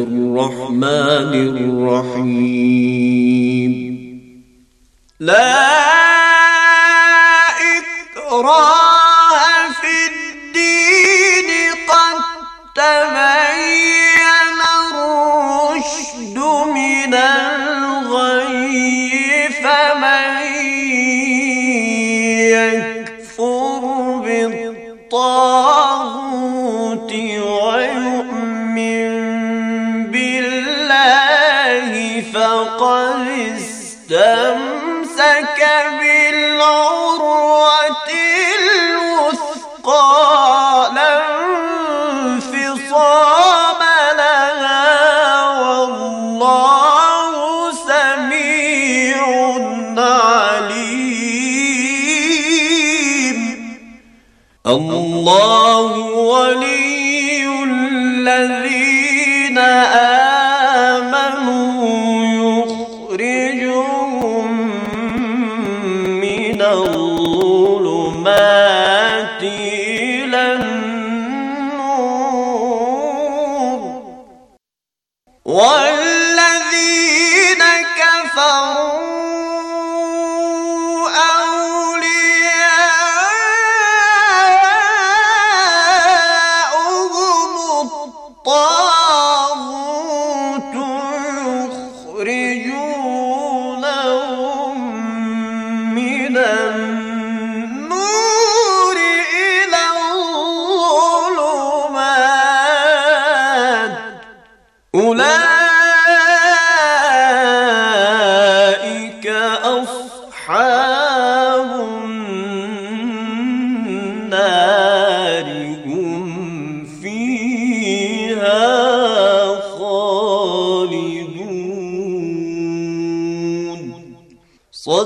الرحمن الرحيم لا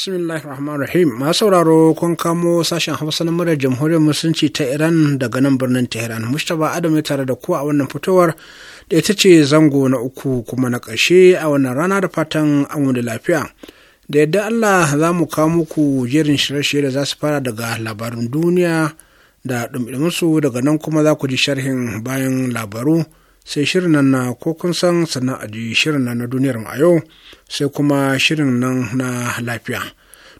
bismillahir rahmanir rahim ma sauraro kun kamo sashen hausa na murar jamhuriyar musulunci ta iran daga nan birnin tehran mustapha adam ya tare da ku a wannan fitowar da ita ce zango na uku kuma na ƙarshe a wannan rana da fatan an wani lafiya da yadda allah za mu kawo muku jerin shirye-shirye da za su fara daga labarin duniya da su daga nan kuma za ku ji sharhin bayan labaru sai shirin nan na ko kun san sannan a ji shirin nan na duniyar mu a yau sai kuma shirin nan na lafiya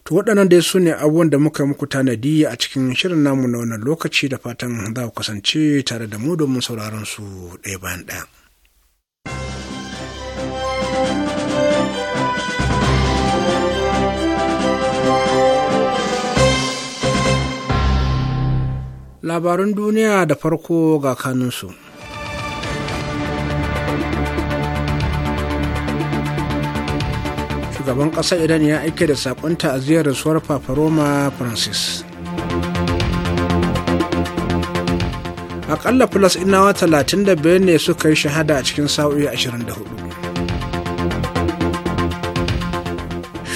to waɗannan dai su ne abubuwan da muka muku tanadi a cikin shirin namu na wannan lokaci da fatan za ku kasance tare da mu domin sauraron su ɗaya bayan ɗaya labarun duniya da farko ga kanunsu. shugaban ƙasa iran ya aike da saƙon ta'aziyar rasuwar roma francis aƙalla plus inawa 35 ne suka yi shahada a cikin sa'o'i 24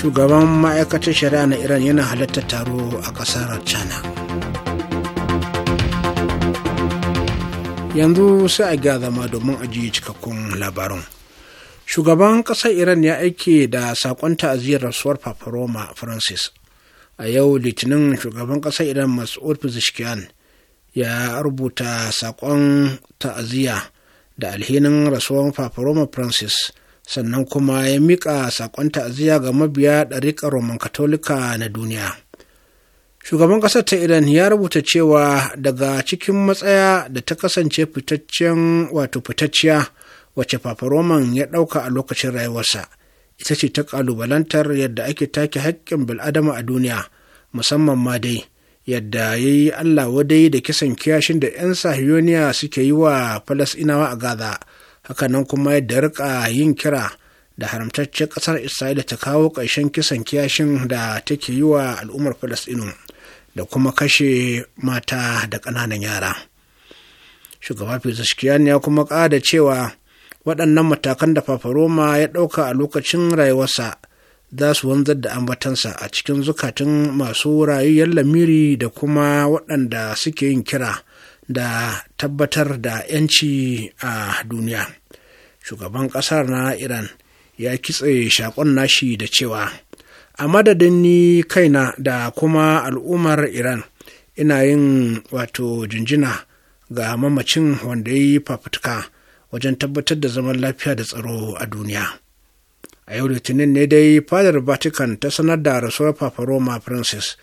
shugaban ma'aikatar shari'a na iran yana halartar taro a ƙasar china yanzu sai a ga zama domin ajiye cikakkun labarin shugaban ƙasar iran ya aike da saƙon ta'aziyar rasuwar paparoma francis a yau litinin shugaban ƙasar iran mas'ud pezeshkian ya rubuta saƙon ta'aziyya da alhinin rasuwar paparoma francis sannan kuma ya miƙa saƙon ta'aziyya ga mabiya ɗariƙar roman katolika na duniya shugaban ƙasar ta iran ya rubuta cewa daga cikin matsaya da ta kasance fitaccen wato fitacciya wacce fafaroman ya ɗauka a lokacin rayuwarsa ita ce ta ƙalubalantar yadda ake take haƙƙin bil'adama a duniya musamman ma dai yadda ya yi allah wadai da kisan kiyashin da 'yan sahiyoniya suke yi wa falasinawa a gaza haka nan kuma yadda riƙa yin kira da haramtaccen ƙasar isra'ila ta kawo ƙarshen kisan kiyashin da take yi wa al'ummar falasɗinu da kuma kashe mata da ƙananan yara shugaba fizuskiyan ya kuma ƙada cewa waɗannan matakan da fafaroma ya ɗauka a lokacin rayuwarsa za su wanzar da ambatansa a cikin zukatun masu rayuwar lamiri da kuma waɗanda suke yin kira da tabbatar da 'yanci a duniya shugaban ƙasar na iran ya kitse shakon nashi da cewa a madadin ni kaina da kuma al'ummar iran ina yin wato jinjina ga mamacin wanda ya yi fafutuka wajen tabbatar da zaman lafiya da tsaro a duniya a yau litinin ne dai fadar vatican ta sanar da rasuwar papa roma francis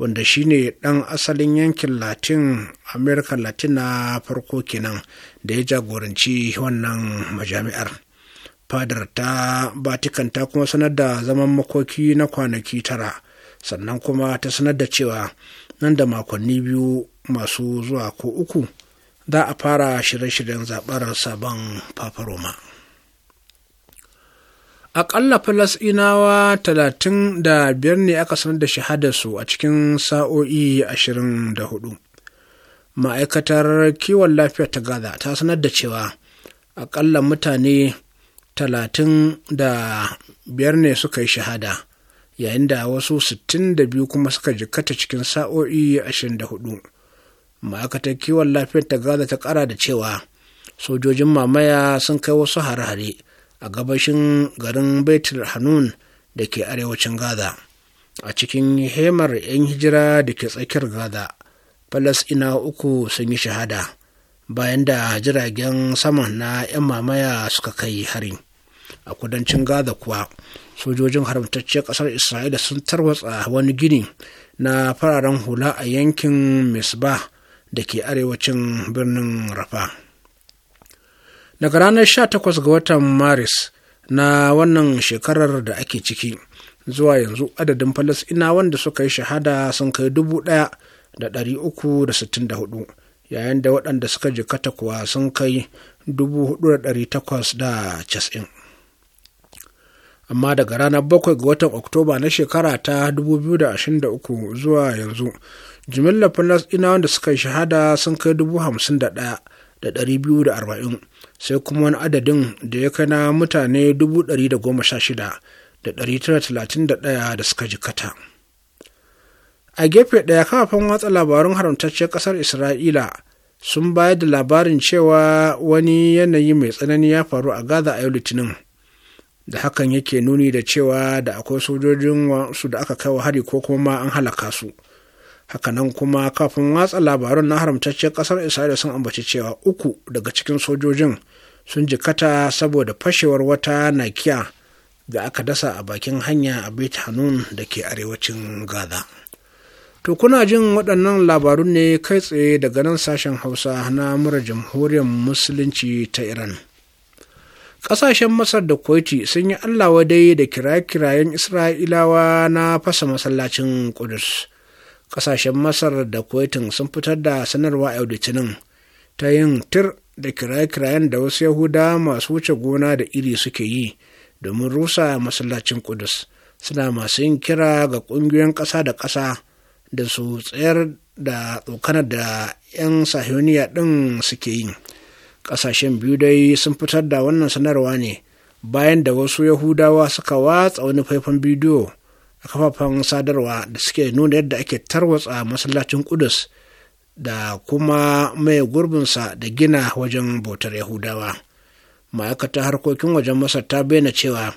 wanda shi ne ɗan asalin yankin latin america na farko kenan da ya jagoranci wannan majami'ar fadar ta vatican ta kuma sanar da zaman makoki na kwanaki tara sannan kuma ta sanar da cewa nan da makonni biyu masu zuwa ko uku za a fara shirye-shiryen zaɓar sabon fafaroma. Aƙalla Falasɗinawa talatin da biyar ne aka sanar da shahadarsu a cikin sa'o'i ashirin da hudu. Ma'aikatar kiwon lafiya ta Gaza ta sanar da cewa aƙalla mutane talatin da biyar ne suka yi shahada, yayin da wasu sittin da biyu kuma suka jikkata cikin sa'o'i ashirin da hudu. ma'aikatar kiwon lafiyar ta gaza ta kara da cewa sojojin mamaya sun kai wasu hare-hare a gabashin garin baitul hanun da ke arewacin gaza a cikin hemar 'yan hijira da ke tsakiyar gaza falasina uku sun yi shahada bayan da jiragen sama na 'yan mamaya suka kai hari a kudancin gaza kuwa sojojin haramtacciyar kasar isra'ila sun tarwatsa wani gini na fararen hula a yankin misbah da ke arewacin birnin rafa daga ranar 18 ga watan maris na wannan shekarar da ake ciki zuwa yanzu adadin falasina wanda suka yi shahada sun kai dubu ɗaya da yayin da waɗanda suka jikata kuwa sun kai dubu da amma daga ranar bakwai ga watan oktoba na shekara ta 2023 zuwa yanzu jimillar ina wanda suka shahada sun kai dubu hamsin da ɗaya da ɗari biyu da arba'in sai kuma wani adadin da ya kai na mutane dubu ɗari da goma sha shida da ɗari tara talatin da ɗaya da suka jikata a gefe ɗaya kafafen watsa labarun haramtacciyar ƙasar isra'ila sun bayar da labarin cewa wani yanayi mai tsanani ya faru a gaza a yau litinin da hakan yake nuni da cewa da akwai sojojin su da aka kai wa hari ko kuma ma an halaka su hakanan kuma kafin watsa labarun na haramtacciyar kasar isra'ila sun ambaci cewa uku daga cikin sojojin sun jikata saboda fashewar wata nakiya da aka dasa a bakin hanya a bait hanun da ke arewacin gaza to kuna jin waɗannan labarun ne kai tsaye daga nan sashen hausa na mura jamhuriyar musulunci ta iran ƙasashen masar da kuwaiti sun yi allawa dai da kiraye-kirayen isra'ilawa na fasa masallacin kudus kasashen masar da kuwaitin sun fitar da sanarwa yau litinin ta yin tir da kiraye-kirayen da wasu yahuda masu wuce gona da iri suke yi domin rusa masallacin kudus suna masu yin kira ga ƙungiyoyin kasa da kasa da su tsayar da tsokanar da 'yan sahiyoniya ɗin suke yi ƙasashen biyu dai sun fitar da wannan sanarwa ne bayan da wasu yahudawa suka watsa wani faifan bidiyo kafafen sadarwa da suke nuna yadda ake tarwatsa masallacin kudus da kuma mai gurbinsa da gina wajen bautar yahudawa ma'aikatar harkokin wajen masar ta bayyana cewa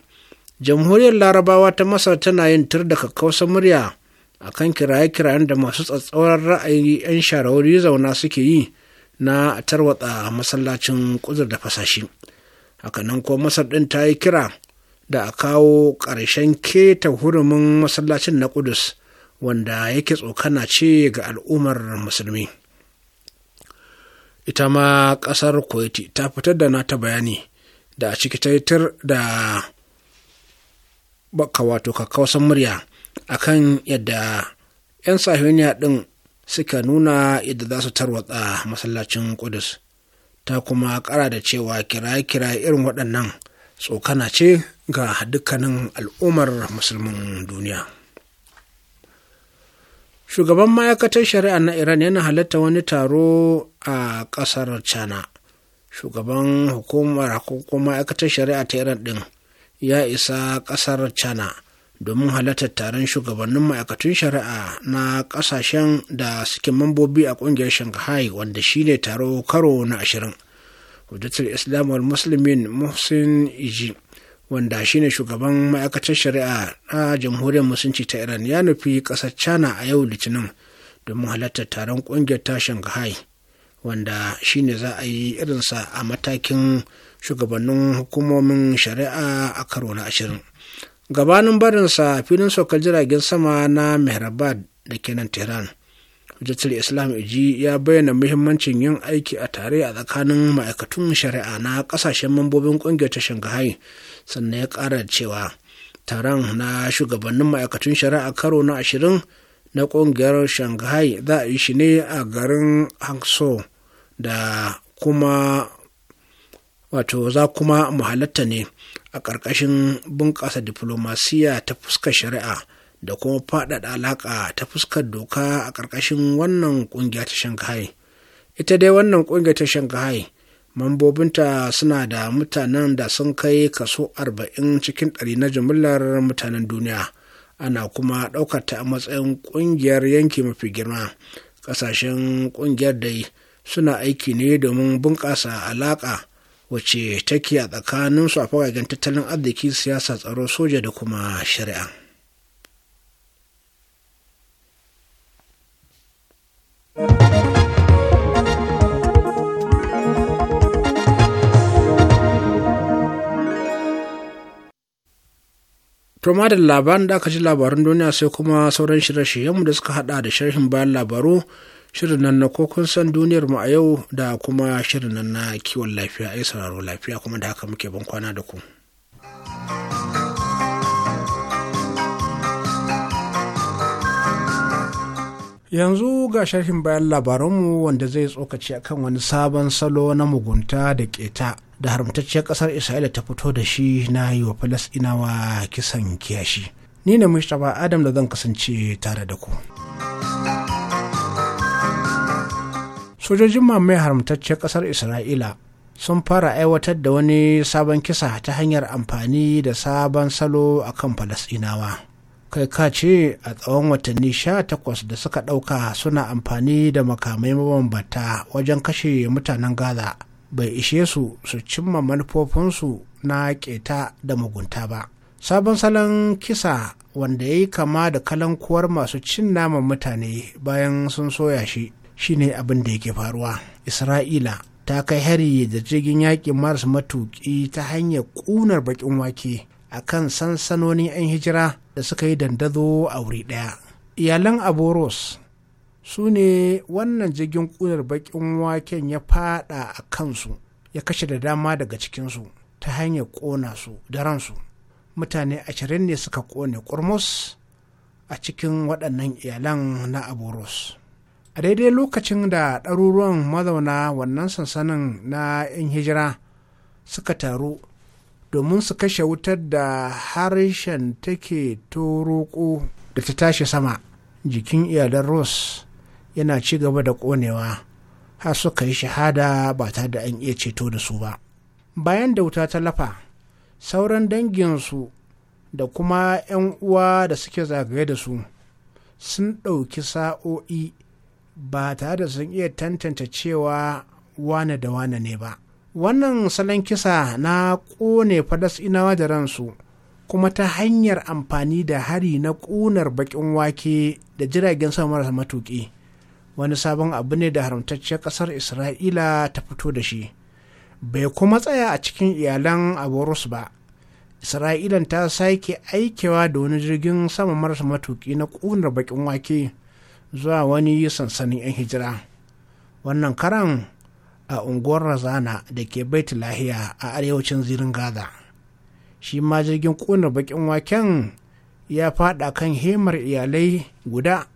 jamhuriyar larabawa ta masar tana yin tur da kakkausar murya a kan kiraye-kirayen da masu tsatsauran ra'ayi 'yan sharawari zauna suke yi na tarwatsa masallacin kudur da fasashi hakanan ko masar ɗin ta yi kira da a kawo ƙarshen keta hurumin masallacin na Kudus wanda yake tsokana ce ga al'ummar musulmi. Ita ma ƙasar Kuwaiti ta fitar da nata bayani da a ciki taitar da baka wato kakkausan murya a kan yadda 'yan sahiyoniya ɗin suka nuna yadda za su tarwatsa masallacin Kudus. Ta kuma ƙara da cewa kira-kira irin waɗannan. tsokana ce ga dukkanin al'ummar musulmin duniya shugaban ma'aikatar shari'a na iran yana halatta wani taro a ƙasar china shugaban hukumar hukumar ma'aikatar shari'a ta iran ɗin ya isa ƙasar china domin halatta taron shugabannin ma'aikatun shari'a na ƙasashen da suke mambobi a ƙungiyar shanghai wanda shine taro karo na ashirin hujjatar islam wal muslimin muhsin iji wanda shine shugaban ma'aikatar shari'a na jamhuriyar musulunci ta iran ya nufi ƙasar china a yau litinin domin halartar taron ƙungiyar ta shanghai wanda shine za a yi irinsa a matakin shugabannin hukumomin shari'a a karo na ashirin gabanin barinsa filin saukar jiragen sama na mehrabad da kenan tehran Majalisar islam iji ya bayyana muhimmancin yin aiki a tare a tsakanin ma'aikatun shari'a na kasashen mambobin kungiyar ta shanghai sannan ya kara cewa taron na shugabannin ma'aikatun shari'a karo na ashirin na kungiyar shanghai za a yi shi ne a garin hangso da kuma wato za kuma mu ne a ƙarƙashin bunƙasa diflomasiya ta fuskar shari'a da kuma faɗaɗa alaƙa ta fuskar doka a ƙarƙashin wannan ƙungiya ta shanghai ita dai wannan ƙungiya ta shanghai mambobinta suna da mutanen da sun kai kaso 40 cikin ɗari na jimillar mutanen duniya ana kuma ɗaukar ta a matsayin ƙungiyar yanki mafi girma ƙasashen ƙungiyar dai suna aiki ne domin bunƙasa alaƙa wacce take a tsakaninsu a fagagen tattalin arziki siyasa tsaro soja da kuma shari'a To ma da labaran da aka ji labaran duniya sai kuma sauran shirye-shiryenmu da suka hada da sharhin bayan labaru shirin nan na ko san duniyar mu a yau da kuma shirin nan na kiwon lafiya ai sauraro lafiya kuma da haka muke ban kwana da ku. yanzu ga sharhin bayan labaranmu wanda zai tsokaci akan wani sabon salo na mugunta da keta da haramtacciyar kasar isra'ila ta fito da shi na yi wa falasɗinawa kisan kiyashi ni ne mustapha adam da zan kasance tare da ku sojojin mamaye haramtacciyar kasar isra'ila sun fara aiwatar da wani sabon kisa ta hanyar amfani da sabon salo akan falasɗinawa kai ka ce a tsawon watanni sha takwas da suka ɗauka suna amfani da makamai mabambata wajen kashe mutanen gaza bai ishe su su cimma manufofinsu na keta da mugunta ba sabon salon kisa wanda ya yi kama da kalankuwar masu cin naman mutane bayan sun soya shi shine abin da yake faruwa isra'ila ta kai hari da jirgin yaƙin Mars matuƙi ta hanyar ƙunar baƙin wake a kan sansanonin 'yan hijira da suka yi dandazo a wuri ɗaya iyalan aboros su ne wannan jirgin ƙunar baƙin waken ya faɗa a kansu ya kashe da dama daga cikinsu ta hanyar ƙona su da ransu mutane ashirin ne suka ƙone ƙurmus a cikin waɗannan iyalan na aboros a daidai lokacin da ɗaruruwan mazauna wannan sansanin na 'yan hijira suka taru domin su kashe wutar da harshen take toroko da ta tashi sama jikin iyalan ross yana ci gaba da ƙonewa har suka yi shahada ba tare da an iya ceto da su ba bayan da wuta ta lafa sauran danginsu da kuma 'yan uwa da suke zagaye da su sun ɗauki sa'o'i ba tare da sun iya tantance cewa wane da wane ne ba wannan salon kisa na ƙone falasɗinawa da ransu kuma ta hanyar amfani da hari na ƙunar baƙin wake da jiragen sama marasa matuƙi wani sabon abu ne da haramtacciyar ƙasar isra'ila ta fito da shi bai kuma tsaya a cikin iyalan aborus ba isra'ilan ta sake aikewa da wani jirgin sama marasa matuƙi na ƙunar baƙin wake zuwa wani sansanin 'yan hijira wannan karan a unguwar razana da ke bait lahiya a arewacin zirin gaza shi ma jirgin ƙona bakin waken ya fada kan hemar iyalai guda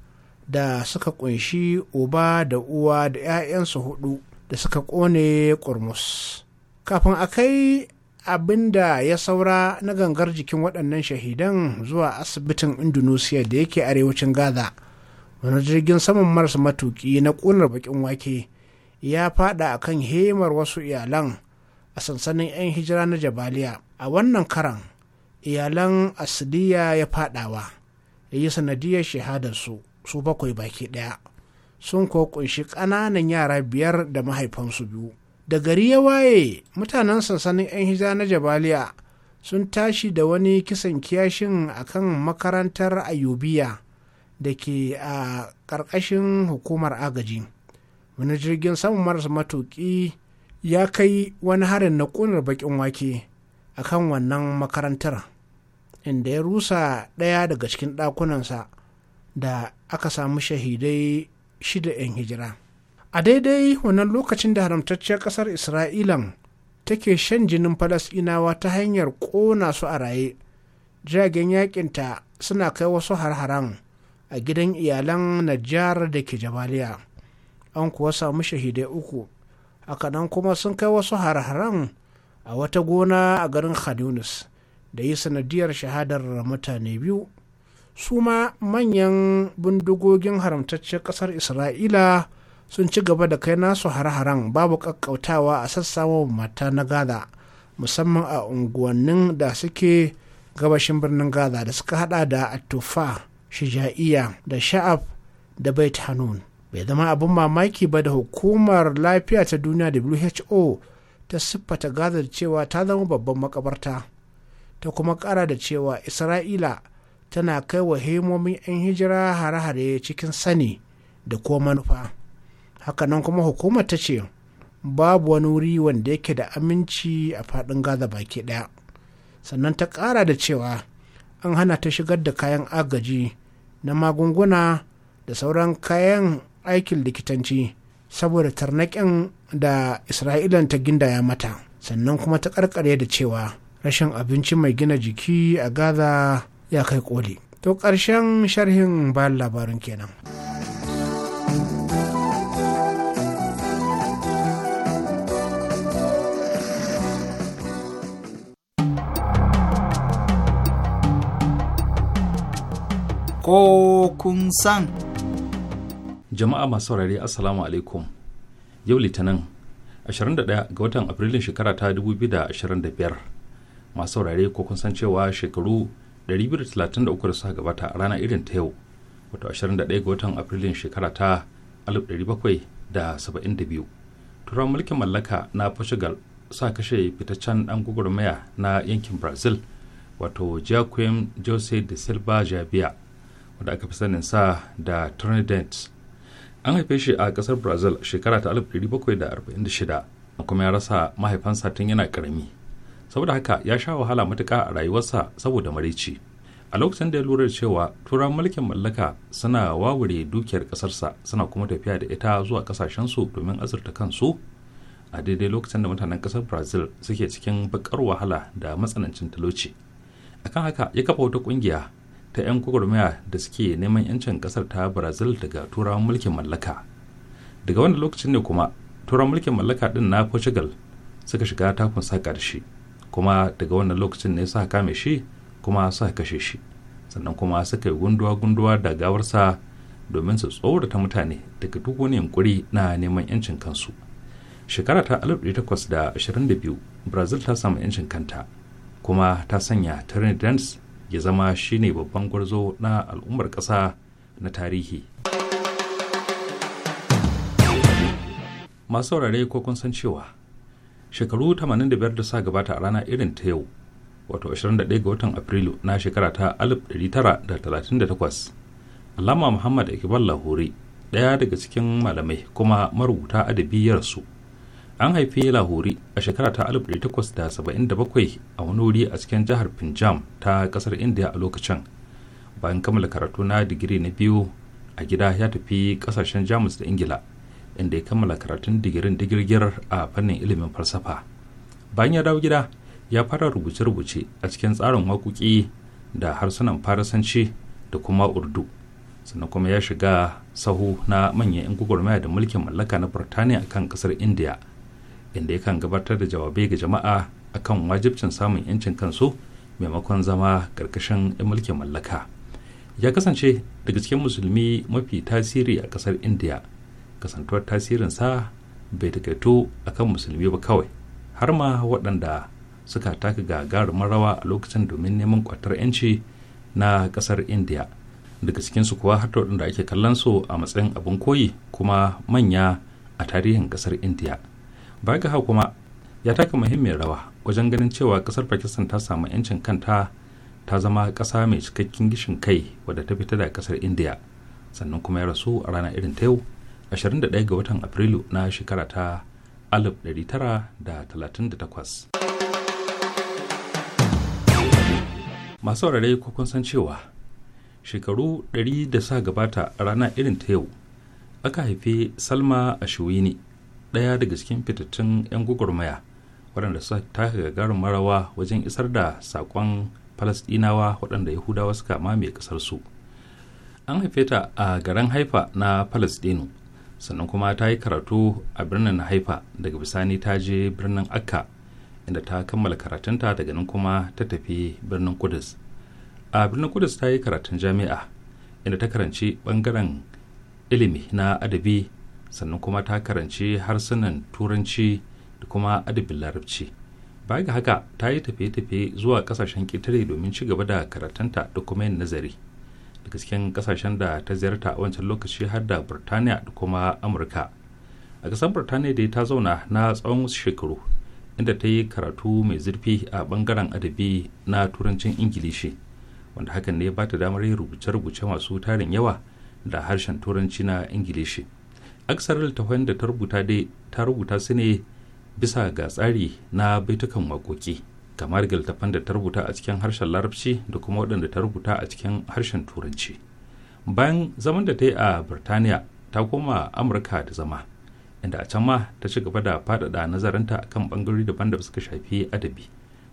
da suka kunshi uba da uwa da 'ya'yansu hudu da suka kone kurmus. kafin a kai abin da ya saura na gangar jikin waɗannan shahidan zuwa asibitin indonesia da yake arewacin gaza wani jirgin saman marasa matuki na ƙunar bakin wake ya fada a kan hemar wasu iyalan a sansanin 'yan hijira na jabaliya a wannan karan iyalan asiliya ya fadawa ya yi sanadiyar shahadarsu su bakwai baki daya sun ko kunshi ƙananan yara biyar da mahaifansu biyu da gari ya waye mutanen sansanin 'yan hijira na jabaliya sun tashi da wani kisan kiyashin a kan makarantar ayubiya da ke a ƙarƙashin hukumar agaji wani jirgin samun marasa matuƙi ya kai wani harin na ƙunar bakin wake a kan wannan makarantar inda ya rusa ɗaya daga cikin ɗakunansa da aka samu shahidai shida 'yan hijira a daidai wannan lokacin da haramtacciyar ƙasar isra'ilan take shan jinin falasɗinawa ta hanyar ƙona su a raye jiragen yakinta suna kai wasu har-haran a gidan iyalan najjar da ke jabaliya an kuwa samu shahidai uku nan kuma sun kai wasu har a wata gona a garin Khan da yi sanadiyar shahadar mutane biyu su ma manyan bindigogin haramtaccen kasar isra'ila sun ci gaba da kai nasu har babu kakkautawa a sassawa mata na gaza musamman a unguwannin da suke gabashin birnin gaza da suka hada da atufa shija'iya da sha'af da bait hanun bai zama abin mamaki ba da hukumar lafiya ta duniya who ta siffata gaza da cewa ta zama babban makabarta ta kuma kara da cewa isra'ila tana kai wa hemomin 'yan hijira hare-hare cikin sani da ko manufa hakanan kuma hukumar ta ce babu wani wuri wanda yake da aminci a faɗin gaza baki ɗaya sannan ta ƙara da cewa an hana ta shigar da kayan agaji na magunguna da sauran kayan aikin likitanci saboda tarnaƙin da isra'ilan ta gindaya mata sannan kuma ta karkare da cewa rashin abinci mai gina jiki a gaza ya kai koli to ƙarshen sharhin bayan labarin kenan. ko kun san. jama'a masu saurare assalamu alaikum yau litinin 21 ga watan afrilun shekara ta 2025 masu saurare ko kun san cewa shekaru 233 da suka gabata a rana irin ta yau wato 21 ga watan afrilun shekara ta 1772 turan mulkin mallaka na portugal sa kashe fitaccen dan gwagwarmaya na yankin brazil wato jacquem Jose de Silva Jabia wanda aka fi sanin sa da Trinidad an haife shi a kasar brazil shekara ta 1746 kuma ya rasa mahaifansa tun yana karami saboda haka ya sha wahala matuka a rayuwarsa saboda marici a lokacin da ya lura da cewa turan mulkin mallaka suna wawure dukiyar kasarsa suna kuma tafiya da ita zuwa kasashensu domin azurta kansu a daidai lokacin da mutanen kasar brazil suke cikin bakar wahala da matsanancin talauci akan haka ya kafa wata kungiya ta 'yan gwagwarmaya da suke neman 'yancin kasar ta brazil daga turawan mulkin mallaka daga wanda lokacin ne kuma turawan mulkin mallaka din na portugal suka shiga takun sa da shi kuma daga wannan lokacin ne suka kame shi kuma suka kashe shi sannan kuma suka yi gunduwa-gunduwa da gawarsa domin su tsorata mutane daga duk wani yunkuri na neman 'yancin kansu shekara ta 1822 brazil ta samu 'yancin kanta kuma ta sanya trinidad ya zama shine babban gwarzo na al'ummar ƙasa na tarihi masu saurare ko kun san cewa shekaru 85 da sa gabata a rana irin ta yau wato 21 ga watan afrilu na shekara ta 1938 alama muhammad iqbal lahore ɗaya daga cikin malamai kuma marubuta adabi ya rasu an haifi lahori a shekara ta 1877 a wani wuri a cikin jihar punjab ta kasar india a lokacin bayan kammala karatu na digiri na biyu a gida ya tafi kasashen jamus da ingila inda ya kammala karatun digirin digirgir a fannin ilimin falsafa bayan ya dawo gida ya fara rubuce-rubuce a cikin tsarin waƙoƙi da harsunan farasanci da kuma urdu sannan kuma ya shiga sahu na manyan 'yan da mulkin mallaka na burtaniya kan kasar india inda yakan gabatar da jawabai ga jama'a akan wajibcin samun 'yancin kansu maimakon zama karkashin 'yan mulkin mallaka ya kasance daga cikin musulmi mafi tasiri a kasar indiya kasantuwar sa bai takaito a kan musulmi ba kawai har ma waɗanda suka taka gagarumin rawa a lokacin domin neman kwatar 'yanci na kasar indiya daga cikinsu kuwa har waɗanda ake kallon su a matsayin abin koyi kuma manya a tarihin kasar indiya ba ga kuma ya taka muhimmiyar rawa wajen ganin cewa kasar pakistan ta samu 'yancin kanta ta zama kasa mai cikakken gishin kai wadda ta fita da kasar india sannan kuma ya rasu a rana irin ta yau 21 ga watan afrilu na shekara ta 1938 masu saurare ko kun san cewa shekaru 100 da sa gabata a rana irin ta yau aka haife salma a shuwini ɗaya daga cikin fitattun 'yan gwagwarmaya waɗanda su taka gagarin marawa wajen isar da saƙon falasɗinawa waɗanda yahudawa suka mamaye ƙasarsu an haife ta a garin haifa na falasɗinu sannan kuma ta yi karatu a birnin haifa daga bisani ta je birnin akka inda ta kammala karatunta daga nan kuma ta tafi birnin kudus a birnin kudus ta yi karatun jami'a inda ta karanci ɓangaren ilimi na adabi sannan kuma ta karanci harsunan turanci da kuma adabin larabci baya ga haka ta yi tafiye-tafiye zuwa kasashen ƙetare domin ci gaba da karatunta da kuma yin nazari daga cikin kasashen da ta ziyarta a wancan lokaci har da burtaniya da kuma amurka a ƙasar burtaniya dai ta zauna na tsawon wasu shekaru inda ta yi karatu mai zurfi a bangaren adabi na turancin ingilishi wanda hakan ne ba ta damar yin rubuce-rubuce masu tarin yawa da harshen turanci na ingilishi aksar littafan da ta rubuta dai ta rubuta su ne bisa ga tsari na baitukan waƙoƙi kamar ga da ta rubuta a cikin harshen larabci da kuma waɗanda ta rubuta a cikin harshen turanci bayan zaman da ta yi a birtaniya ta koma amurka da zama inda a can ma ta ci gaba da faɗaɗa nazarinta kan ɓangarori daban da suka shafi adabi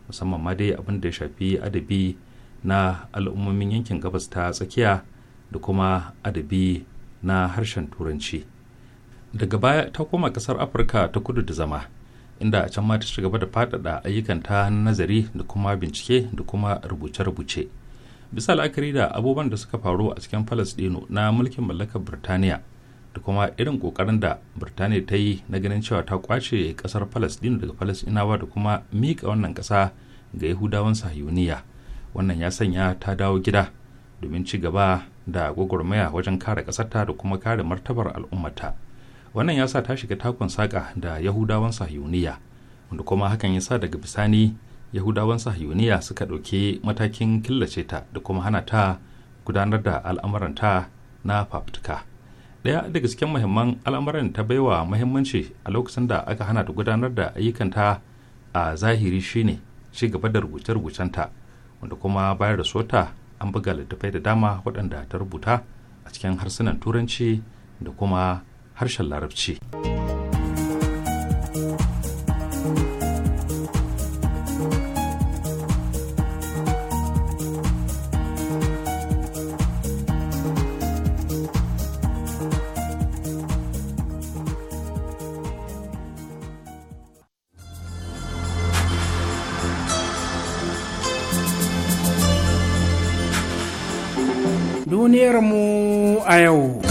musamman ma dai abin da ya shafi adabi na al'ummomin yankin gabas ta tsakiya da kuma adabi na harshen turanci daga baya ta koma kasar afirka ta kudu da zama inda a can ma ta gaba da fadada ayyukan ta nazari da kuma bincike da kuma rubuce-rubuce bisa la'akari da abubuwan da suka faru a cikin dino na mulkin mallakar birtaniya da kuma irin kokarin da birtaniya ta yi na ganin cewa ta kwace kasar dino daga inawa da kuma miƙa wannan ƙasa ga yahudawan sahiyuniya wannan ya sanya ta dawo gida domin ci gaba da gwagwarmaya wajen kare ƙasarta da kuma kare martabar al'ummata wannan ya sa ta shiga takon saƙa da yahudawan sahiyuniya wanda kuma hakan ya sa daga bisani yahudawan sahiyuniya suka ɗauki matakin killace ta da kuma hana ta gudanar da al'amuranta na faftuka ɗaya daga cikin mahimman al'amuran ta baiwa mahimmanci a lokacin da aka hana ta gudanar da ayyukanta a zahiri shine ci gaba da rubuce rubucen ta wanda kuma bayar da sota an buga littattafai da dama waɗanda ta rubuta a cikin harsunan turanci da kuma harshen larabci. duniyarmu a yau.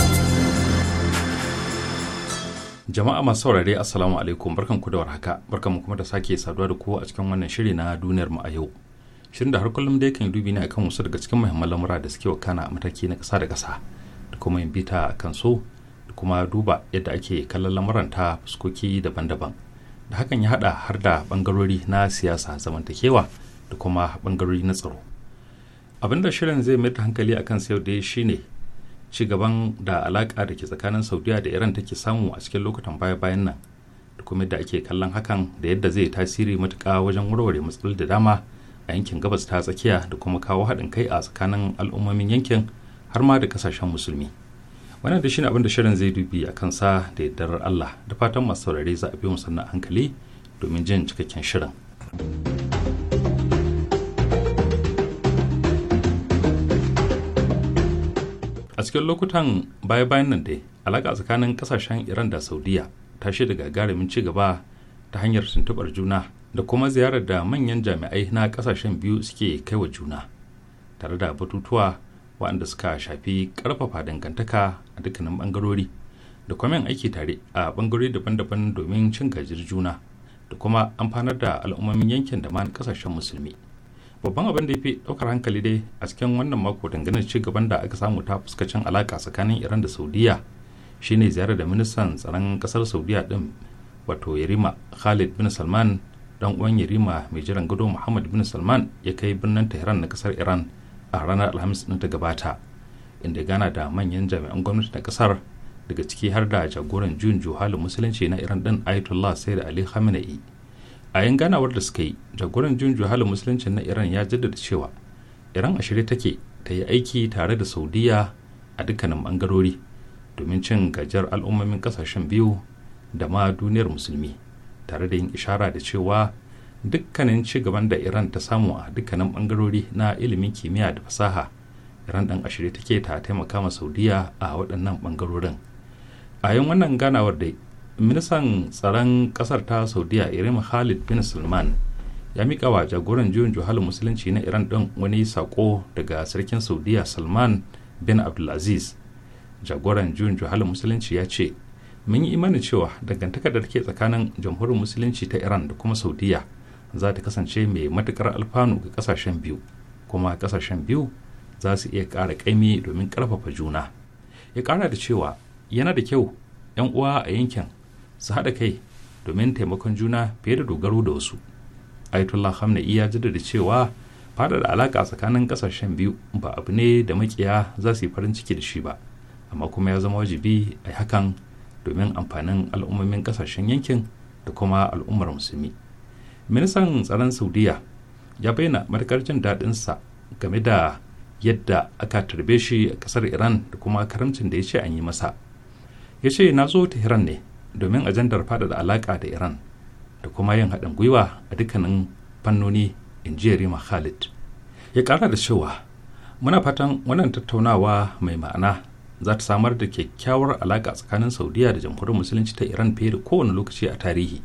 Jama'a masu saurare Assalamu alaikum barkan ku da warhaka barkan kuma da sake saduwa da ku a cikin wannan shiri na duniyar mu a yau. Shirin da har kullum da yakan dubi ne akan wasu daga cikin muhimman lamura da suke wakana a mataki na ƙasa da kasa da kuma yin bita akan so da kuma duba yadda ake kallon lamuran ta fuskoki daban-daban. Da hakan ya haɗa har da bangarori na siyasa zamantakewa da kuma bangarori na tsaro. abinda shirin zai mayar da hankali akan sayar da shi ne ci gaban da alaƙa da ke tsakanin saudiya da iran take samu a cikin lokutan baya-bayan nan da kuma yadda ake kallon hakan da yadda zai tasiri matuƙa wajen warware matsaloli da dama a yankin gabas ta tsakiya da kuma kawo haɗin kai a tsakanin al'ummomin yankin har ma da kasashen musulmi wannan da shine abin da shirin zai dubi a sa da yardar allah da fatan masu saurare za a bi mu sannan hankali domin jin cikakken shirin. cikin lokutan baya-bayan nan dai alaka tsakanin kasashen iran da saudiya ta da gagarumin ci gaba ta hanyar tuntuɓar juna da kuma ziyarar da manyan jami'ai na kasashen biyu suke kai wa juna tare da batutuwa waɗanda suka shafi ƙarfafa dangantaka a dukkanin ɓangarori da kuma yin aiki tare a ɓangarori daban-daban domin cin gajiyar juna da kuma amfanar da al'ummomin yankin da ma kasashen musulmi babban abin da ya fi ɗaukar hankali dai a cikin wannan mako dangane ci gaban da aka samu ta fuskacin alaka tsakanin iran da saudiya shine ziyarar da ministan tsaron kasar saudiya din wato yarima khalid bin salman dan uwan yarima mai jiran gado muhammad bin salman ya kai birnin tehran na kasar iran a ranar alhamis din ta gabata inda gana da manyan jami'an gwamnati na kasar daga ciki har da jagoran juyin juhalin musulunci na iran din ayatollah sayyid ali khamenei a yin ganawar da suka yi jagoran junju halin musulunci na iran ya jaddada cewa iran a shirye take ta yi aiki tare da saudiya a dukkanin bangarori domin cin gajiyar al'ummomin kasashen biyu da ma duniyar musulmi tare da yin ishara da cewa dukkanin ci gaban da iran ta samu a dukkanin bangarori na ilimin kimiyya da fasaha iran ɗan ashirya take ta taimaka ma saudiya a waɗannan bangarorin a yin wannan ganawar da ministan tsaron kasar ta saudiya irim khalid bin salman ya mika wa jagoran juyin juhalin musulunci na iran ɗin wani sako daga sarkin saudiya salman bin abdulaziz jagoran juyin juhalin musulunci ya ce mun yi imani cewa dangantakar da take tsakanin jamhuriyar musulunci ta iran da kuma saudiya za ta kasance mai matukar alfanu ga kasashen biyu kuma kasashen biyu za su iya ƙara ƙaimi domin ƙarfafa juna ya ƙara da cewa yana da kyau 'yan uwa a yankin su haɗa kai domin taimakon juna fiye da dogaro da wasu ayatollah khamenei ya da cewa faɗaɗa alaƙa tsakanin ƙasashen biyu ba abu ne da makiya za su yi farin ciki da shi ba amma kuma ya zama wajibi a hakan domin amfanin al'ummomin ƙasashen yankin da kuma al'ummar musulmi ministan tsaron saudiya ya bayyana matuƙar jin daɗinsa game da yadda aka tarbe shi a ƙasar iran da kuma karamcin da ya ce an yi masa ya ce na zo ta ne domin ajandar faɗaɗa alaka da iran da kuma yin haɗin gwiwa a dukkanin fannoni in ji rima khalid ya ƙara da cewa muna fatan wannan tattaunawa mai ma'ana za ta samar da kyakkyawar alaƙa tsakanin saudiya da jamhuriyar musulunci ta iran fiye da kowane lokaci a tarihi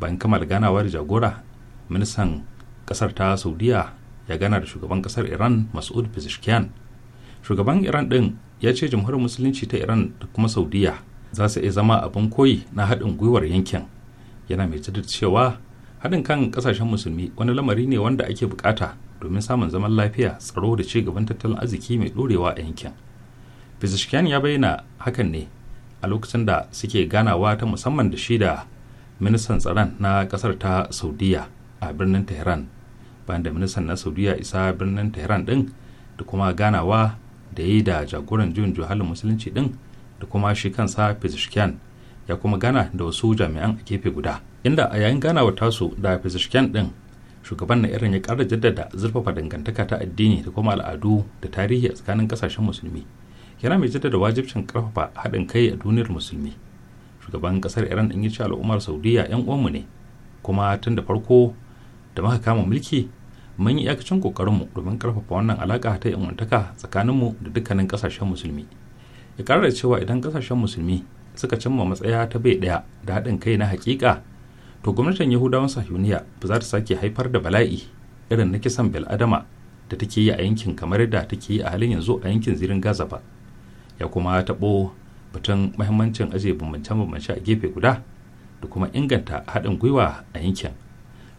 bayan kammala ganawa da jagora ministan ƙasar ta saudiya ya gana da shugaban ƙasar iran masud pezeshkian shugaban iran ɗin ya ce jamhuriyar musulunci ta iran da kuma saudiya za su iya zama abin koyi na haɗin gwiwar yankin yana mai jaddada cewa haɗin kan ƙasashen musulmi wani lamari ne wanda ake bukata domin samun zaman lafiya tsaro da ci gaban tattalin arziki mai ɗorewa a yankin fizishkiyan ya bayyana hakan ne a lokacin da suke ganawa ta musamman da shi da ministan tsaron na ƙasar ta saudiya a birnin tehran bayan da ministan na saudiya isa birnin tehran ɗin da kuma ganawa da yi da jagoran juyin juhalin musulunci ɗin da kuma shi kansa fizishken ya kuma gana da wasu jami'an a gefe guda inda a yayin ganawa tasu da fizishken din shugaban na irin ya ƙara jaddada zurfafa dangantaka ta addini da kuma al'adu da tarihi a tsakanin kasashen musulmi yana mai jaddada wajibcin ƙarfafa haɗin kai a duniyar musulmi shugaban ƙasar iran in ya ce al'ummar saudiya yan uwanmu ne kuma tun da farko da muka kama mulki mun yi iyakacin ƙoƙarinmu domin karfafa wannan alaƙa ta yan tsakaninmu da dukkanin ƙasashen musulmi ya karar cewa idan ƙasashen musulmi suka cimma matsaya ta bai ɗaya da haɗin kai na hakika to gwamnatin yahudawan sahuniya ba za ta sake haifar da bala'i irin na kisan bil'adama da take yi a yankin kamar da take yi a halin yanzu a yankin zirin gaza ba ya kuma taɓo batun mahimmancin ajiye bambance-bambance a gefe guda da kuma inganta haɗin gwiwa a yankin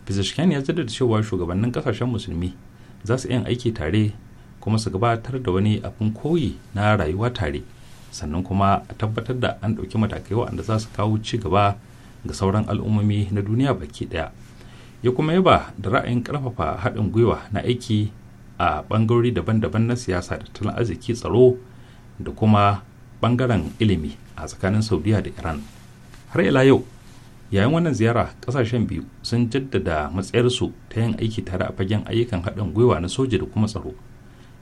fizishkan ya jaddada cewa shugabannin kasashen musulmi za su yin aiki tare kuma su gabatar da wani abin koyi na rayuwa tare sannan kuma a tabbatar da an ɗauki matakai waɗanda za su kawo ci gaba ga sauran al'ummomi na duniya baki ɗaya ya kuma yaba da ra'ayin ƙarfafa haɗin gwiwa na aiki a ɓangarori daban-daban na siyasa da tattalin arziki tsaro da kuma ɓangaren ilimi a tsakanin saudiya da iran har ila yau yayin wannan ziyara ƙasashen biyu sun jaddada matsayarsu ta yin aiki tare a fagen ayyukan haɗin gwiwa na soja da kuma tsaro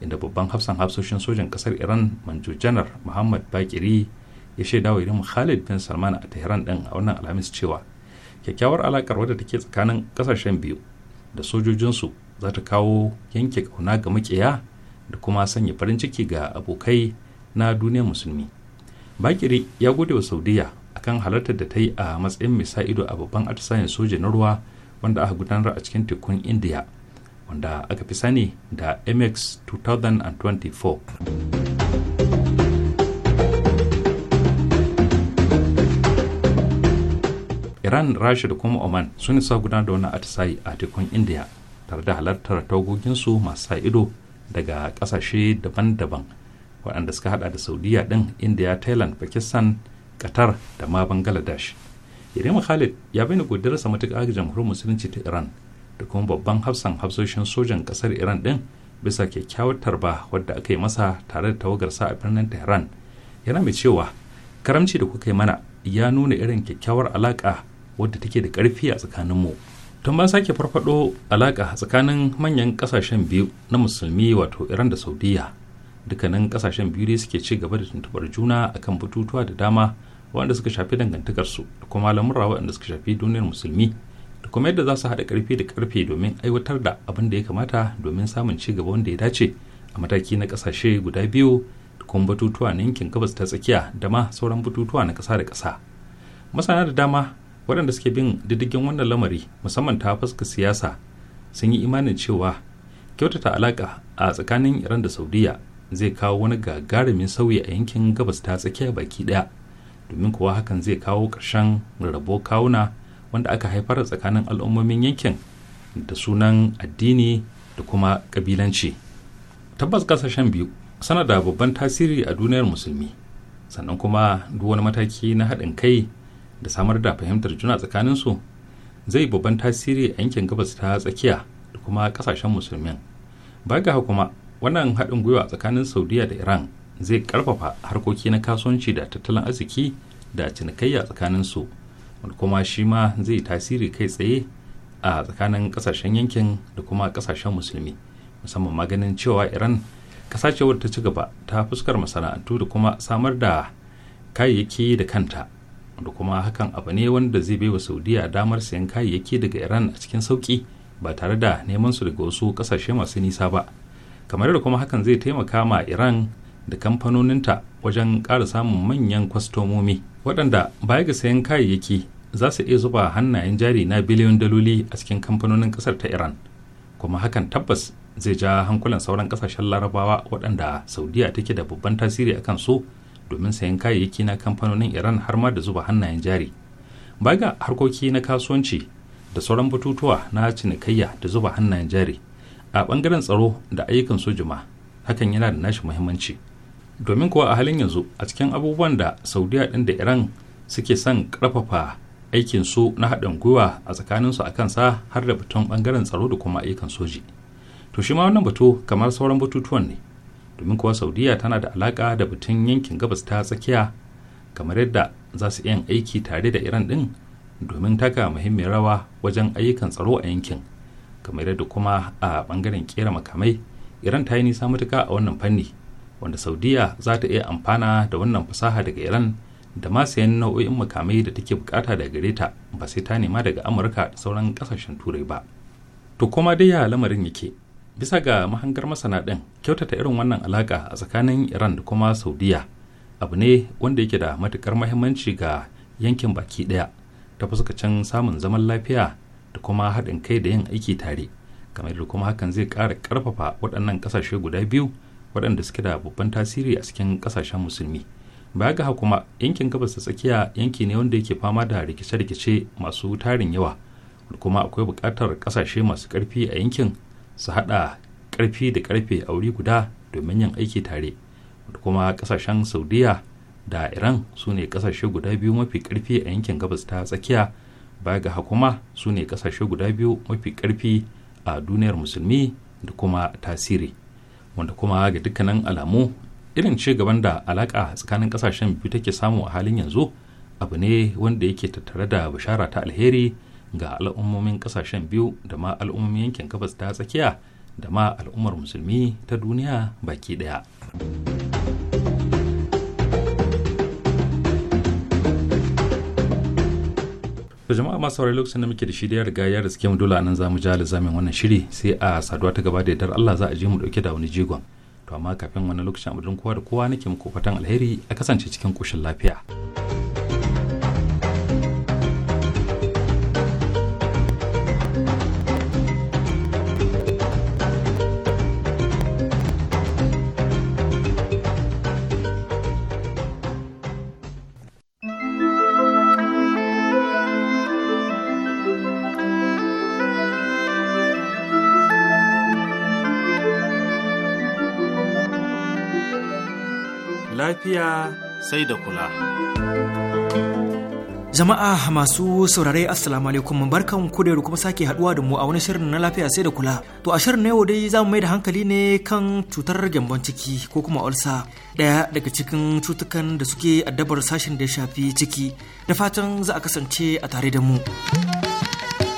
inda babban hafsan hafsoshin sojan kasar iran manjo janar muhammad bakiri ya shaida wa irin khalid bin salman a tehran din a wannan alhamis cewa kyakkyawar alakar wadda take tsakanin kasashen biyu da sojojinsu za ta kawo yanke kauna ga makiya da kuma sanya farin ciki ga abokai na duniyar musulmi bakiri ya gode wa saudiya akan halartar da ta yi a matsayin misa ido a babban atisayen soja na ruwa wanda aka gudanar a cikin tekun indiya wanda aka fi sani da mx 2024 iran rasha da kuma oman sun isa gudanar da wani atisayi a tekun indiya tare da halartar tagoginsu masu sa ido daga kasashe daban-daban waɗanda suka hada da saudiya ɗin indiya thailand pakistan qatar da ma bangladesh yarima khalid ya bayyana godiyarsa matuƙa ga jamhuriyar musulunci ta iran da kuma babban hafsan hafsoshin sojan kasar iran din bisa kyakkyawar tarba wadda aka yi masa tare da tawagar sa a birnin tehran yana mai cewa karamci da kuka yi mana ya nuna irin kyakkyawar alaka wadda take da karfi a tsakaninmu tun ban sake farfado alaka tsakanin manyan kasashen biyu na musulmi wato iran da saudiya dukkanin kasashen biyu dai suke ci gaba da tuntubar juna akan bututuwa da dama waɗanda suka shafi dangantakarsu da kuma lamurra waɗanda suka shafi duniyar musulmi kuma yadda za su haɗa ƙarfi da ƙarfe domin aiwatar da abin da ya kamata domin samun ci gaba wanda ya dace a mataki na ƙasashe guda biyu da kuma batutuwa na yankin gabas ta tsakiya da ma sauran batutuwa na ƙasa da ƙasa masana da dama waɗanda suke bin diddigin wannan lamari musamman ta fuska siyasa sun yi imanin cewa kyautata alaƙa a tsakanin iran da saudiya zai kawo wani gagarumin sauyi a yankin gabas ta tsakiya baki ɗaya domin kuwa hakan zai kawo ƙarshen rarrabo kawuna wanda aka haifar tsakanin al'ummomin yankin da sunan addini da kuma kabilanci tabbas kasashen biyu sana da babban tasiri a duniyar musulmi sannan kuma duk wani mataki na haɗin kai da samar da fahimtar juna tsakaninsu zai babban tasiri a yankin gabas ta tsakiya da kuma kasashen musulmin baga kuma wannan haɗin gwiwa tsakanin saudiya da iran zai ƙarfafa harkoki na kasuwanci da tattalin arziki da cinikayya tsakanin su. wanda kuma shi ma zai tasiri kai tsaye a tsakanin kasashen yankin da kuma kasashen musulmi musamman maganin cewa iran kasashe wadda ta ci gaba ta fuskar masana'antu da kuma samar da kayayyaki da kanta da kuma hakan abu ne wanda zai baiwa saudiya damar sayan kayayyaki daga iran a cikin sauki ba tare da neman su daga wasu kasashe masu nisa ba kamar da kuma hakan zai taimaka ma iran da kamfanoninta wajen ƙara samun manyan kwastomomi waɗanda baya ga sayan kayayyaki za su iya zuba hannayen jari na biliyon daloli a cikin kamfanonin kasar ta iran kuma hakan tabbas zai ja hankulan sauran kasashen larabawa waɗanda saudiya take da babban tasiri a kan su domin sayan kayayyaki na kamfanonin iran har ma da zuba hannayen jari baga harkoki na kasuwanci da sauran batutuwa na cinikayya da zuba hannayen jari a bangaren tsaro da ayyukan sojuma hakan yana da nashi muhimmanci domin kuwa a halin yanzu a cikin abubuwan da saudiya ɗin da iran suke son ƙarfafa aikin su na haɗin gwiwa a tsakaninsu a sa har da batun bangaren tsaro da kuma ayyukan soji to shi ma wannan batu kamar sauran batutuwan ne domin kuwa saudiya tana da alaka da batun yankin gabas ta tsakiya kamar yadda za su yin aiki tare da iran ɗin domin taka muhimmiyar rawa wajen ayyukan tsaro a yankin kamar yadda kuma a bangaren kera makamai iran ta yi nisa matuka a wannan fanni wanda saudiya za ta iya amfana da wannan fasaha daga iran da ma sayan nau'o'in makamai da take bukata da gare ta ba sai ta nema daga amurka da sauran kasashen turai ba to kuma dai ya lamarin yake bisa ga mahangar masana din kyautata irin wannan alaka a tsakanin iran da kuma saudiya abu ne wanda yake da matukar mahimmanci ga yankin baki daya ta fuskacin samun zaman lafiya da kuma haɗin kai da yin aiki tare kamar da kuma hakan zai ƙara ƙarfafa waɗannan ƙasashe guda biyu waɗanda suke da babban tasiri a cikin ƙasashen musulmi baya ga kuma yankin gabas da tsakiya yanki ne wanda yake fama da rikice-rikice masu tarin yawa kuma akwai bukatar kasashe masu karfi a yankin su hada karfi da karfe a wuri guda domin yin aiki tare kuma kasashen saudiya da iran su ne kasashe guda biyu mafi karfi a yankin gabas ta tsakiya baya ga kuma su ne kasashe guda biyu mafi karfi a duniyar musulmi da kuma tasiri wanda kuma ga dukkanin alamu irin ci gaban da alaƙa tsakanin kasashen biyu take samu a halin yanzu abu ne wanda yake tattare da bishara ta alheri ga al'ummomin ƙasashen biyu da ma al'ummomin yankin gabas ta tsakiya da ma al'ummar musulmi ta duniya baki ɗaya. da jama'a masu saurari lokacin da muke da shi da ya riga ya riske mu dole nan zamu ji alizamin wannan shiri sai a saduwa ta gaba da yardar Allah za a je mu dauke da wani jigon to amma kafin wani lokacin abudin kowa da kowa nake muku fatan alheri a kasance cikin kushin lafiya. lafiya sai da kula. Jama'a masu saurare Assalamu alaikum barkan ku da kuma sake haduwa da mu a wani shirin na lafiya sai da kula. To a shirin na yau dai za mu mai da hankali ne kan cutar gyambon ciki ko kuma ulsa daya daga cikin cutukan da suke addabar sashen da ya shafi ciki da fatan za a kasance a tare da mu.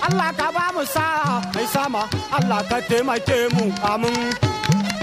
Allah ka ba mu sa'a mai sama Allah ka taimake mu amin.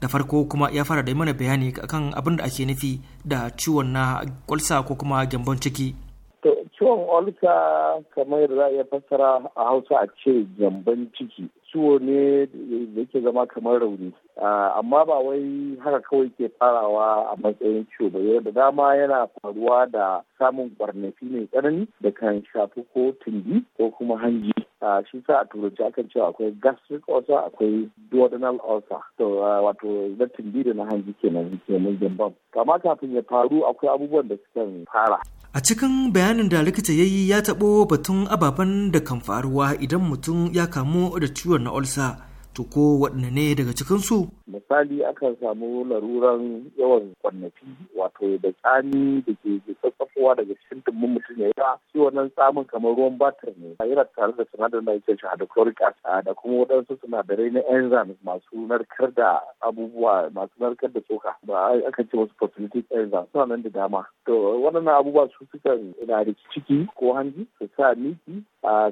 da farko kuma ya fara da mana bayani kan abin da ake nufi da ciwon na kwalsa ko kuma gyambon ciki to ciwon olsa kamar yadda za a iya fassara a hausa a ce gyambon ciki ciwo ne da yake zama kamar rauni Ah, amma ba wai haka kawai ke farawa a matsayin ciwo ba da dama yana faruwa da samun kwarnafi mai tsanani da kan shafi ko tumbi ko kuma hanji a ah, shi sa a turanci akan cewa akwai gastric ulcer akwai duodenal ulcer to ah, wato na tumbi da na hanji kenan kenan jambam kama kafin ya faru akwai abubuwan da sukan fara a cikin bayanin da likita ya yi ya taɓo batun ababen da kan faruwa idan mutum ya kamu da ciwon na ulcer to ko waɗanne ne daga cikinsu? Misali akan samu laruran yawan kwannafi wato da tsani da ke tsatsafowa daga cikin dumbin mutum ya yawa shi wannan tsamin kamar ruwan batir ne yana tare da sinadarin da ake a acid da kuma waɗansu sinadarai na enzymes masu narkar da abubuwa masu narkar da tsoka ba aka ce wasu phosphatic enzymes suna nan da dama to waɗannan abubuwa su sukan na da ciki ko hanji su sa miki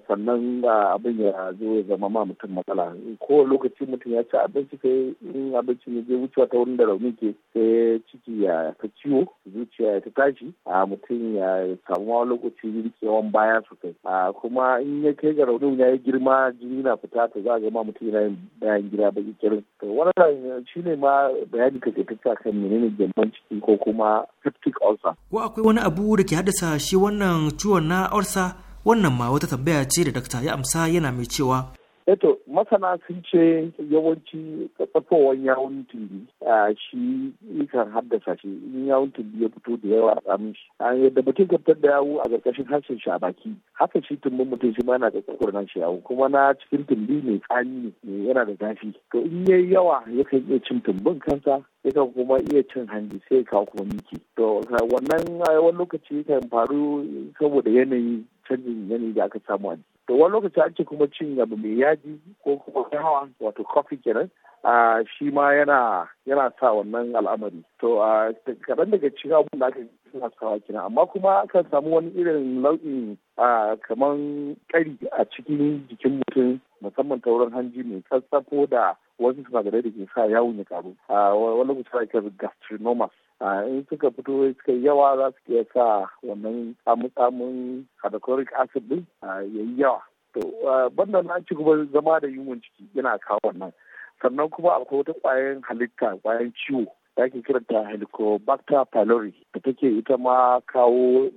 sannan abin ya zo ya zama ma mutum matsala ko lokaci mutum ya ci abinci sai in abincin ya je wucewa ta wurin da rauni ke sai ciki ya ta ciwo zuciya ya ta tashi a mutum ya samu wani lokaci rikewan baya sosai a kuma in ya kai ga raunin ya yi girma jini na fita ta za a ga ma mutum yana yin bayan gida baki kirin to wannan shine ma bayani ta tattaka kan menene gyamban ciki ko kuma peptic ulcer ko akwai wani abu da ke haddasa shi wannan ciwon na ulcer wannan ma wata tambaya ce da dakta ya amsa yana mai cewa Eto masana sun ce yawanci tsafowar yawon tumbi a shi kan haddasa shi in yawon tumbi ya fito da yawa a tsamin shi. A yadda mutum ka da yawo a ƙarƙashin harshen shi a baki haka shi tumbin mutum shi ma yana da nan shi yawo kuma na cikin tumbi mai tsani ne yana da zafi. To in yayi yawa yakan iya cin tumbin kansa yakan kuma iya cin hanji sai ka kuma miki. To wannan wani lokaci kan faru saboda yanayi canjin yanayi da aka samu a to wani lokaci ake kuma cin abu mai yaji ko kuma yawa wato coffee kenan a shi ma yana sa wannan al'amari to a kaɗan daga cikin abubuwan da aka suna sawa kenan amma kuma akan samu wani irin nau'in kaman ƙari a cikin jikin mutum musamman ta wurin hanji mai tsatsafo da wasu sinadarai da ke sa yawon ya karu a wani lokaci ake gastrinomas in suka fito suka yawa za su iya sa wannan tsamutsamun hydrochloric acid din ya yi yawa to banda na ci gaba zama da yunwan ciki yana kawo wannan sannan kuma akwai wata kwayan halitta kwayan ciwo da ake kiranta helicobacter pylori da take ita ma kawo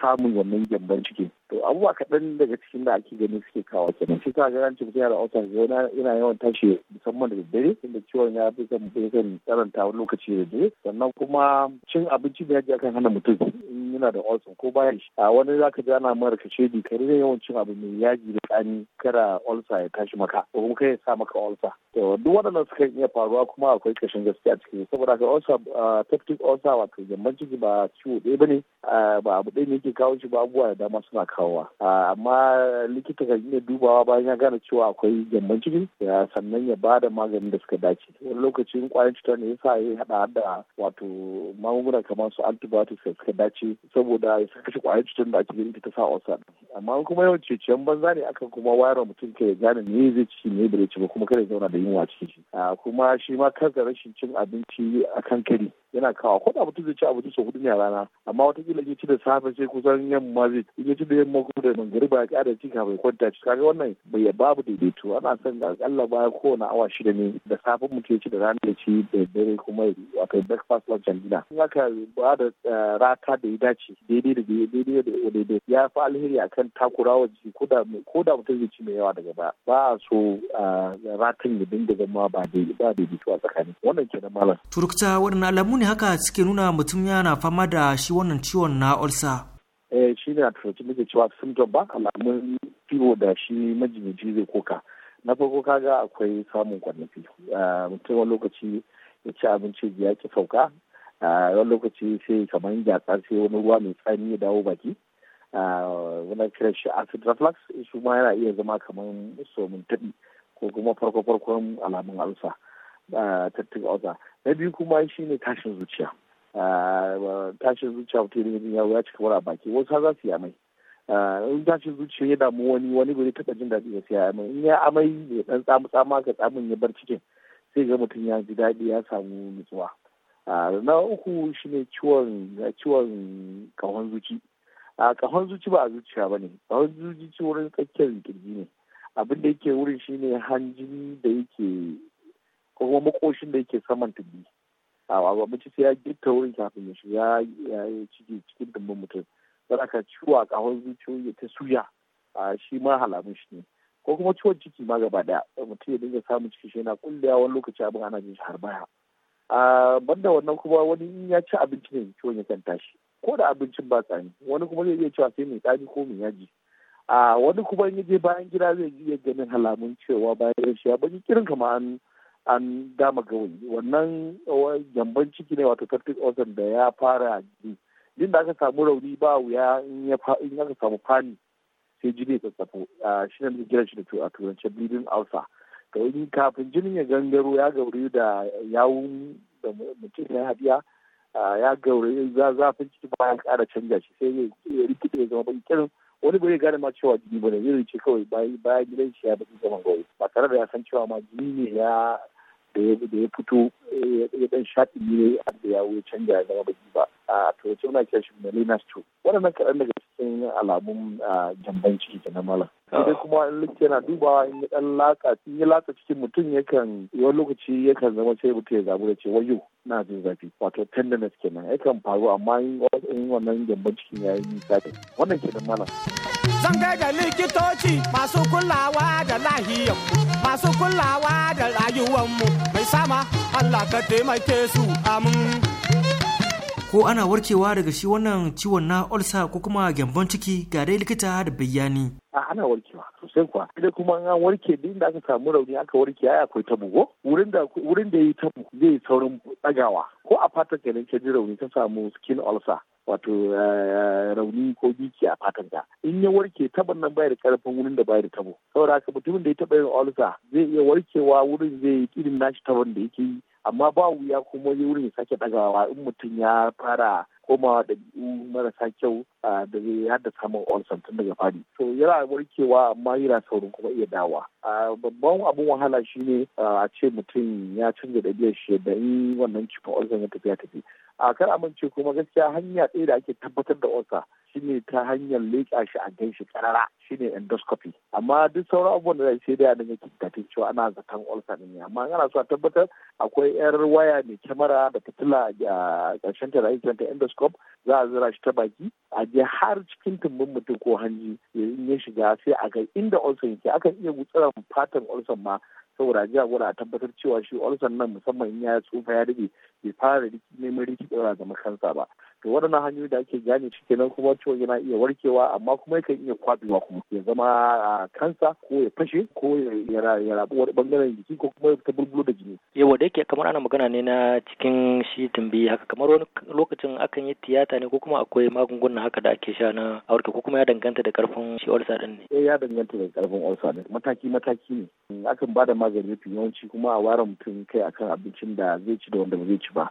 samun wannan gyamban ciki to abubuwa kaɗan daga cikin da ake gani suke kawo kenan shi ta ga ranci cikin yana autar yana yana yawan tashi musamman da daddare inda ciwon ya fi kan tsaranta lokaci da dare sannan kuma cin abinci da yaji akan hana mutum in yana da olson ko baya shi a wani zaka ji ana mara kashe di kare ne cin abu mai yaji da tsani kada olsa ya tashi maka ko kuma kai ya sa maka olsa to duk waɗannan suka iya faruwa kuma akwai kashin gaskiya ciki saboda ka olsa peptic olsa wato gyamban ciki ba ciwo ɗaya ne ba abu ɗaya ne yake kawo shi ba abubuwa da dama suna kawowa amma likita kan iya dubawa bayan ya gane cewa akwai gyamban ciki sannan ya ba da maganin da suka dace wani lokacin kwayan cutar ne yasa ya haɗa da wato magunguna kamar su antibiotics da suka dace saboda ya kashe kwayar cutar da ake gani ta sa osa amma kuma yawan ciyan banza ne akan kuma wayar mutum ka ya gane ne zai ci ne bai ci ba kuma kada ya zauna da yunwa cikin shi ah, kuma shi ma kansa rashin cin abinci akan kari yana kawo ko da mutum zai ci abinci sau hudu ne a rana amma watakila ya ci da safe sai kusan yamma zai ci ya ci da yamma kuma da ba ya ƙara ci kafin kwanta ci kaga wannan bai babu daidaito ana son ga akalla baya kowane awa shida ne da safe mutum ya ci da rana ya ci da dare kuma wato breakfast lunch and dinner in aka ba da eh, rata da ya dace daidai da daidai da daidai ya fi alheri akan takurawa jiki ko da mutum zai ci mai yawa daga baya ba a so eh, ratan ya dinga zama ba daidaito a tsakani wannan kenan malam turkta wannan alamu ne haka suke nuna mutum yana fama da shi wannan ciwon na ulsa. eh shi ne a turanci muke cewa symptom ba alamun ciwo da shi majinyaci zai koka na farko kaga akwai samun kwanafi ah, mutum wani lokaci ya ci abinci ya ki sauka ah, wani lokaci sai kamar gyatsa sai wani ruwa mai tsani ya dawo baki wani ah, kiran shi acid reflux shi ma yana iya zama kamar somin taɓi ko kuma farko-farkon alamun alsa tattun oza na biyu kuma ne tashin zuciya tashin zuciya mutum da ya ya cika a baki wasu za su yi amai in tashin zuciya ya damu wani wani bai taɓa jin daɗi ya siya amai in ya amai ya ɗan tsamu tsama ka tsamin ya bar cikin sai ga mutum ya ji daɗi ya samu nutsuwa na uku shine ciwon ciwon kahon zuci a kahon zuci ba a zuciya ba ne kahon zuci wurin tsakiyar kirji ne abin da yake wurin shine hanjin da yake ko kuma makoshin da yake saman tubi a abinci sai ya gitta wurin kafin ya shiga ya yi ciki cikin dumbin mutum aka ciwo a kahon zuciyoyi ta suya a shi ma halamun shi ne ko kuma ciwon ciki ma gaba daya mutum ya dinga samun ciki shi yana kullewa wani lokaci abin ana jin shi har baya a banda wannan kuma wani in ya ci abinci ne ciwon ya kan tashi ko da abincin ba tsani wani kuma zai iya cewa sai mai tsani ko mai yaji a wani kuma in ya je bayan gida zai iya ganin halamun cewa bayan shi ya bani kirin kama an an dama gawayi wannan gyamban ciki ne wato septic ulcer da ya fara jini din da aka samu rauni ba wuya in aka samu fani sai jini ya tsatsafo shi ne kiran shi da a turance bleeding ulcer to in kafin jinin ya gangaro ya gauri da yawun da mutum ya hadiya ya gauri zafin ciki ba ya kara canja shi sai ya rikide ya zama bankin. wani bai gane ma cewa jini bane zai ce kawai bayan gidan shi ya baki saman gauri ba tare da ya san cewa ma jini ne ya da ya fito ya dan shaɗi ne da ya wuce canja ya zama baki ba a Turanci muna kiran shi Lina's too waɗannan kaɗan daga cikin alamun jambanci da na mala sai kuma in likita yana dubawa in ya ɗan laka in ya laka cikin mutum yakan wani lokaci yakan zama sai mutum ya zabu da ce wayo na jin zafi wato tenderness kenan yakan faru amma in wannan gyamban cikin ya nisa da wannan kenan mala. zan kai ga likitoci masu kulawa da lahiyar masu kulawa da rayuwar mu mai sama Allah ka taimake su amin ko ana warkewa daga shi wannan ciwon na olsa ko kuma gyambon ciki ga dai likita da bayani a ana warkewa sosai kuwa idan kuma an warke din da aka samu rauni aka warke ai akwai tabo ko wurin da wurin da tabo zai saurin tsagawa ko a fatar kenan ka ji rauni ka samu skin ulcer wato eh, rauni ko biki a fatan ka in ya warke taban nan bai da karfin wurin da bai da tabo saboda haka mutumin da ya taba yin ulcer zai iya warkewa wurin zai yi irin nashi taban da yake yi amma ba wuya kuma wurin sake ɗagawa in mutum ya fara komawa da marasa kyau da zai haddasa min olson tun daga fari to yana warkewa amma yana saurin kuma iya dawa babban abin wahala shine a ce mutum ya canza biyar shi da in wannan cikin olson ya tafiya ya tafi a kar amince kuma gaskiya hanya ɗaya da ake tabbatar da olsa ne ta hanyar leƙa shi a gan shi ƙarara shine endoscopy amma duk sauran abubuwan da zai sai dai a dinga cewa ana zaton ulcer ne amma ana so a tabbatar akwai yar waya mai kyamara da fitila a ƙarshen ta da ta endoscope za a zira shi ta baki a je har cikin tumbin mutum ko hanji in ya shiga sai a ga inda ulcer yake akan iya gutsiran fatan ulcer ma saboda jiya gwada a tabbatar cewa shi ulcer nan musamman in ya tsufa ya rage bai fara neman rikidora ga zama kansa ba to waɗannan hanyoyi da ake gane shi kenan kuma ciwon yana iya warkewa amma kuma yakan iya kwabewa kuma ya zama a kansa ko ya fashe ko ya rabu wani bangaren jiki ko kuma ta bulbulo da jini. yawa da yake kamar ana magana ne na cikin shi tumbi haka kamar wani lokacin akan yi tiyata ne ko kuma akwai magungunan haka da ake sha na aurka ko kuma ya danganta da karfin shi ulcer din ne. eh ya danganta da karfin ulcer din mataki mataki ne akan ba da magani mafi yawanci kuma a ware mutum kai akan abincin da zai ci da wanda ba zai ci ba.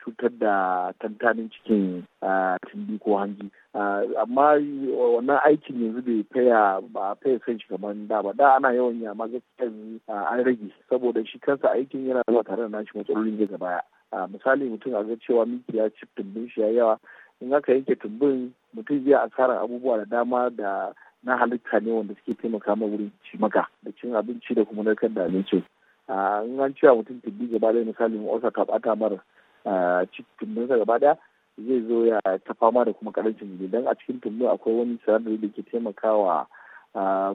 cutar da tantanin cikin tumbi ko hanji amma wannan aikin yanzu bai faya ba faya san shi kamar da ba da ana yawan ya ma yanzu an rage saboda shi kansa aikin yana zuwa tare da nashi matsalolin daga baya misali mutum a ga cewa miki ya ci tumbin shi ya yawa in aka yanke tumbin mutum zai asarar abubuwa da dama da na halitta ne wanda suke taimaka ma wurin ci maka da cin abinci da kuma narkar da abinci in an cewa mutum tumbi gaba da misali mu osa ka bata mara cikin tumbinsa gaba daya zai zo ya ta fama da kuma karancin jini don a cikin tumbin akwai wani sinadari da ke taimakawa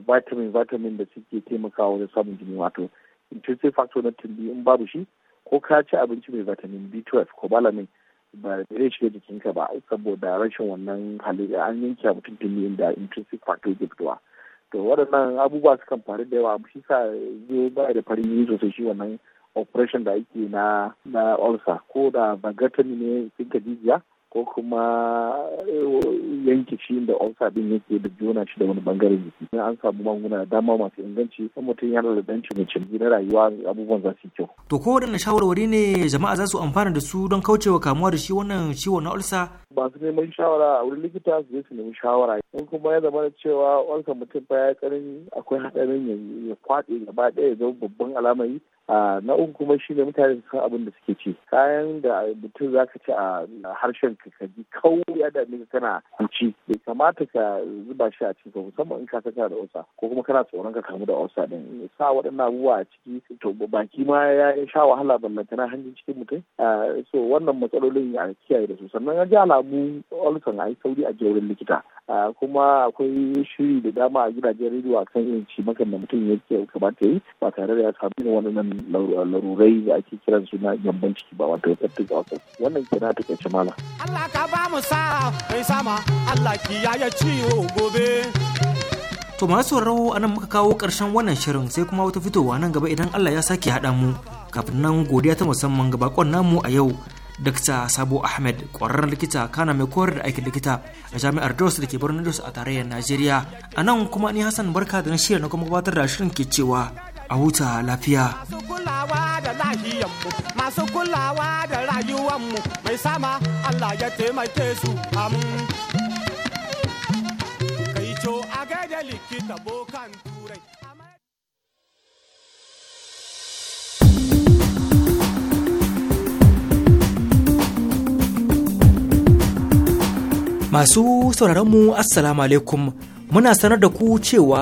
vitamin vitamin da suke taimakawa wajen samun jini wato intrinsic factor na tumbi in babu shi ko ka ci abinci mai vitamin b12 ko balamin ba zai shiga jikinka ba saboda rashin wannan halitta an yanke mutum tumbi inda intrinsic factor ke fitowa to waɗannan abubuwa sukan faru da yawa shi sa zai ba da farin yi sosai shi wannan operation da ake na na olsa ko da bagatani ne tsinka jijiya ko kuma eh, yanke shi da olsa din yake da juna shi da wani bangaren jiki an samu manguna da dama masu inganci kuma mutum yana da dan cimci na rayuwa abubuwan za su kyau to ko waɗanne shawarwari ne jama'a za su amfana da su don kaucewa kamuwa da shi wannan ciwon na olsa ba su neman shawara a wurin likita su je su nemi shawara in kuma ya zama da cewa olsa mutum fa ya karin akwai hadarin ya kwaɗe gaba ɗaya ya zama babban alamari a na uku kuma shine mutane su san abin da suke ci kayan da mutum za ka ci a harshen ka ka ji kawai ya da kana ci bai kamata ka zuba shi a cikin musamman in ka saka da osa ko kuma kana tsoron ka kamu da osa din sa waɗannan abubuwa a ciki to baki ma ya sha wahala ballantana hanjin cikin mutum so wannan matsalolin a kiyaye da su sannan ya ji alamu olson a yi sauri a wurin likita kuma akwai shiri da dama a gidajen rediyo a kan irin ci makan da mutum ya kamata ya yi ba tare da ya samu nan. larurai da ake kiran su na ciki ba wato ga wasu wannan kira ta kace mala Allah ka ba mu sa mai sama Allah ki ya ciwo gobe To masu sauraro a nan muka kawo ƙarshen wannan shirin sai kuma wata fitowa nan gaba idan Allah ya sake haɗa mu kafin nan godiya ta musamman ga bakon namu a yau Dr. Sabo Ahmed ƙwararren likita kana mai koyar da aikin likita a jami'ar Jos da ke birnin Jos a tarayyar Najeriya. A nan kuma ni Hassan Barka da na shirya na kuma gabatar da shirin ke cewa a huta lafiya. Masu kulawa da lahiyanmu, masu kulawa da rayuwanmu, mai sama Allah ya taimake su amu. Kai co a gaida likita bokan turai. Masu sauraronmu Assalamu alaikum muna sanar da ku cewa